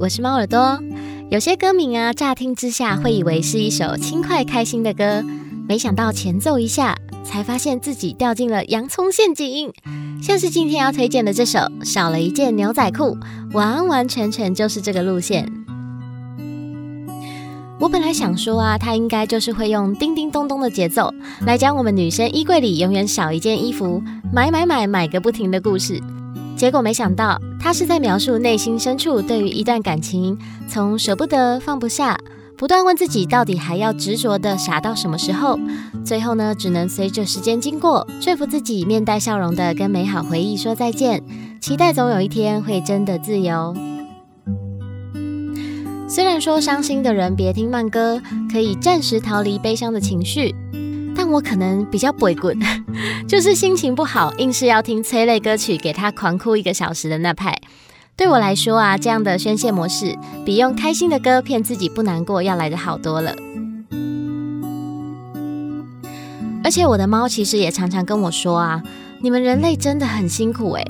我是貓耳朵，有些歌名啊，乍聽之下會以為是一首輕快開心的歌，沒想到前奏一下，才發現自己掉進了洋蔥陷阱。像是今天要推薦的這首《少了一件牛仔褲》，完完全全就是這個路線。我本來想說啊，它應該就是會用叮叮咚咚的節奏，來講我們女生衣櫃裡永遠少一件衣服，買買買買，買個不停的故事，結果沒想到。他是在描述內心深處對於一段感情，從捨不得、放不下，不斷問自己到底還要執着的傻到什麼時候？最後呢，只能隨着時間經過，說服自己面帶笑容的跟美好回憶說再見，期待總有一天會真的自由。雖然說傷心的人別聽慢歌，可以暫時逃離悲傷的情緒，但我可能比較悲觀。就是心情不好，硬是要聽催淚歌曲給他狂哭一個小時的那派。對我來說啊，這樣的宣洩模式，比用開心的歌騙自己不難過要來得好多了。而且我的貓其實也常常跟我說啊，你們人類真的很辛苦欸，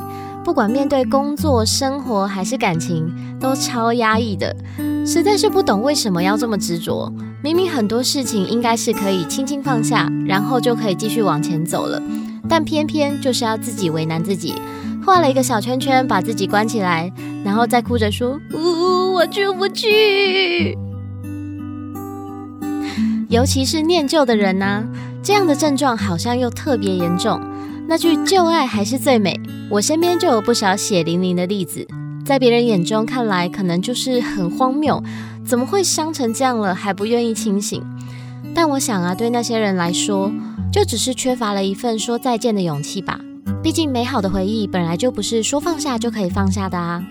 不管面對工作、生活還是感情，都超壓抑的，實在是不懂為什麼要這麼執着。明明很多事情應該是可以輕輕放下，然後就可以繼續往前走了，但偏偏就是要自己為難自己，畫了一個小圈圈把自己關起來，然後再哭着說：“嗚，我出不去。”尤其是念舊的人啊，這樣的症狀好像又特別嚴重。那句“舊愛還是最美”，我身邊就有不少血淋淋的例子，在別人眼中看來，可能就是很荒謬。怎麼會傷成這樣了還不願意清醒？但我想啊，對那些人來說，就只是缺乏了一份說再見的勇氣吧。畢竟美好的回憶本來就不是說放下就可以放下的啊。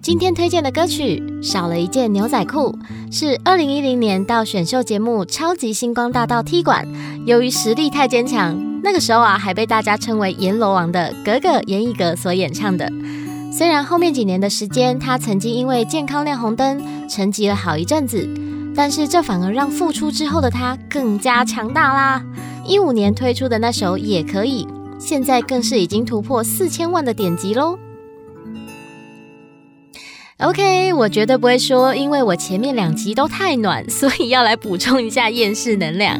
今天推薦的歌曲《少了一件牛仔褲》是二零一零年到選秀節目《超級星光大道》踢館，由於實力太堅強，那個時候啊還被大家稱為閻羅王的格格閻奕格所演唱的。雖然後面幾年的時間，他曾經因為健康亮紅燈，沉寂了好一陣子，但是這反而讓復出之後的他更加強大啦。一五年推出的那首也可以，現在更是已經突破四千萬的點擊嘍。OK，我絕對不會說，因為我前面兩集都太暖，所以要來補充一下厭世能量，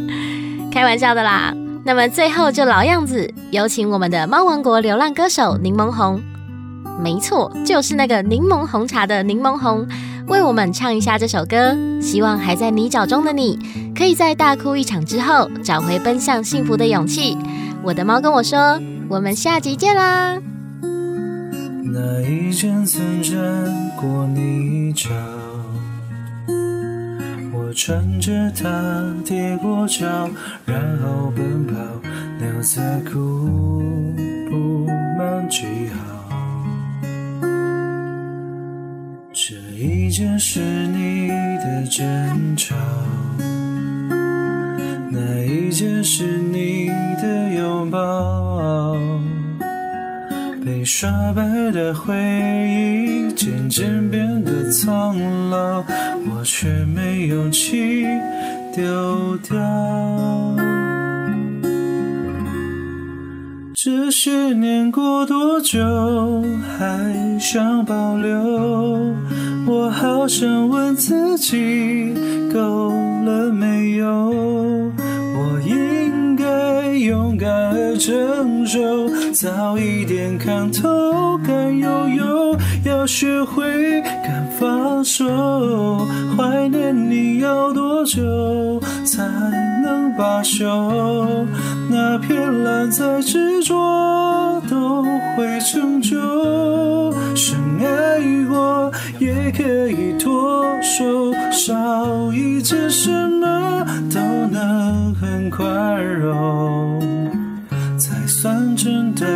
開玩笑的啦。那麼最後就老樣子，有請我們的貓王國流浪歌手檸檬紅。沒錯，就是那個檸檬紅茶的檸檬紅，為我們唱一下這首歌。希望還在泥沼中的你，可以在大哭一場之後，找回奔向幸福的勇氣。我的貓跟我說，我們下集見啦。那一陣曾沾過泥沼，我穿着它跌過橋，然後奔跑，牛仔褲布滿記號。這一件是你的爭吵，那一件是你的擁抱，被刷白的回憶漸漸變得蒼老，我卻沒有勇氣丟掉。這些年過多久還想保留？我好想問自己夠了沒有？我應該勇敢而承受，早一點看透，敢擁有，要學會敢放手。懷念你要多久才能罷休？偏懶再執着都會成就，深愛過也可以脫手，少一件什麼都能很寬容，才算真的。